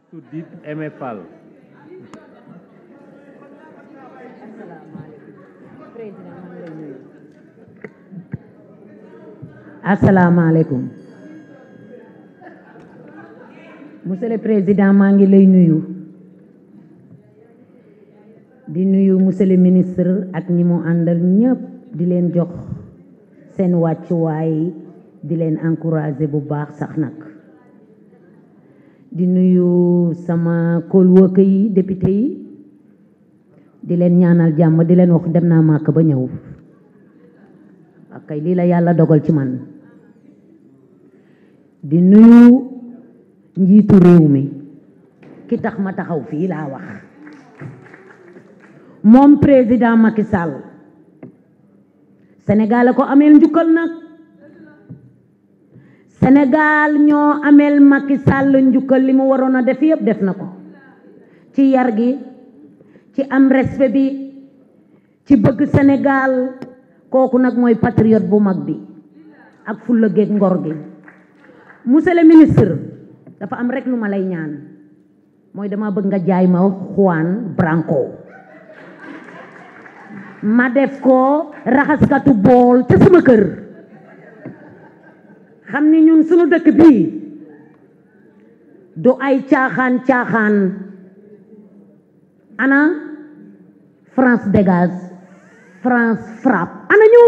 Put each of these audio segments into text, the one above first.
Assoudit Aimé Fall asalaamaaleykum monsieur président maa ngi lay nuyu di nuyu monsieur le ak ñi mu àndal ñépp di leen jox seen wàccuwaay di leen encourager bu baax sax nag di nuyu sama coworker yi député yi di leen ñaanal jàmm di leen wax dem naa màkk ba ñëw ak kay lii la yàlla dogal ci man di nuyu njiitu réew mi ki tax ma taxaw fii laa wax moom président Macky Sall sàll a ko ameel njukkal nag Sénégal ñoo ameel Macky sàll njukkal li mu waroon a def yëpp def na ko ci yar gi ci am respect bi ci bëgg Sénégal kooku nag mooy patriote bu mag bi ak fulla géeg ngor gi monsieur le ministre dafa am rek lu ma lay ñaan mooy dama bëgg nga jaay ma Juan Branco ma def ko raxaskatu bool ca sama kër xam ni ñun suñu dëkk bii du ay caaxaan caaxaan ana France dégage France frappe ana ñu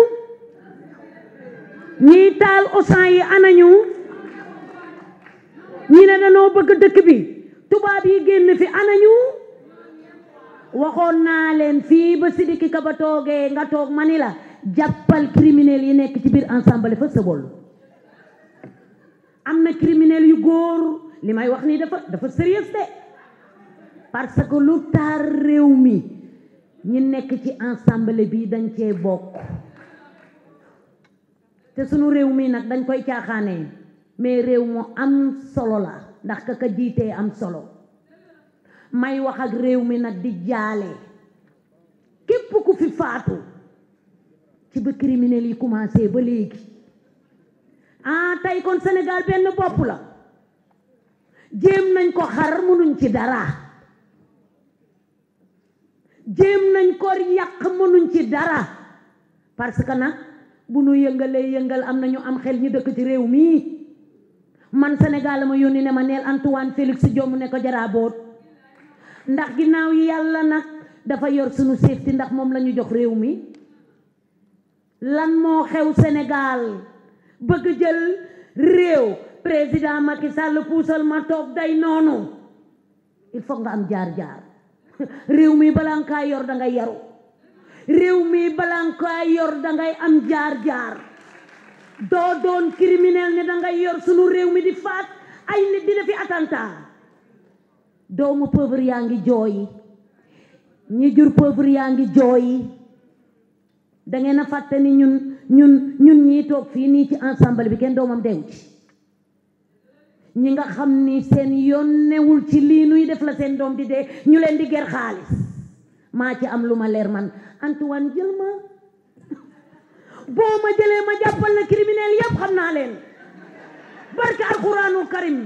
ñiy taal Auchan yi ana ñu ñi ne danoo bëgg dëkk bi tubaab yi génn fi ana ñu waxoon naa leen fii ba Sidiki Kaba toogee nga toog ma ni la jàppal criminel yi nekk ci biir ensemble fa sëbool am na criminel yu góor li may wax nii dafa dafa sérieux de parce que lu taar réew mi ñi nekk ci ensemble bi dañ cee bokk te sunu réew mi nag dañ koy caaxaanee mais réew mu am solo la ndax ka ka jiitee am solo may wax ak réew mi nag di jaale képp ku fi faatu ci ba criminel yi commencé ba léegi ah tey kon Sénégal benn bopp la jéem nañ ko xar mënuñ ci dara jéem nañ ko yàq mënuñ ci dara parce que na bu nu yëngalee yëngal am na ñu am xel ñu dëkk ci réew mii man Sénégal ma yónni ne ma neel Antoine Félix Diome ne ko jaraaboot ndax ginnaaw yàlla na dafa yor sunu séefti ndax moom la jox réew mi lan moo xew Sénégal bëgg jël réew président Macky Sall puusal ma toog day noonu il faut nga am jaar-jaar réew mi balaa nga kaa yor da yaru réew mi balaa nga yor da am jaar-jaar doo doon criminel ne da yor sunu réew mi di faat ay nit di defi doomu pauvre yaa ngi jooyi ñi jur pauvre yaa ngi jooyi da a fàtte ñun ñun ñun ñii toog fii nii ci ensemble bi kenn doomam deewu ci ñi nga xam ni seen yoon newul ci lii nuy def la seen doom di de ñu leen di ger xaalis maa ci am lu ma leer man Antoine jël ma boo ma jëlee ma jàppal na criminel yépp xam naa leen barke alxuraanu karim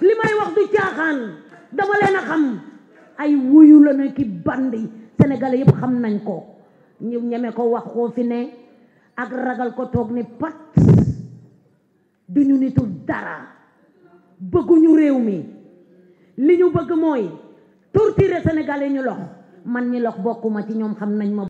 li may wax du caaxaan dama leen a xam ay wuyu la na ki bandi sénégalais yépp xam nañ ko ñu ñeme ko wax koo fi ne ak ragal ko toog ni pat duñu nitu dara bëgguñu réew mi li ñu bëgg mooy torturer sénégalais ñu lox man ñi lox bokkuma ci ñoom xam nañ ma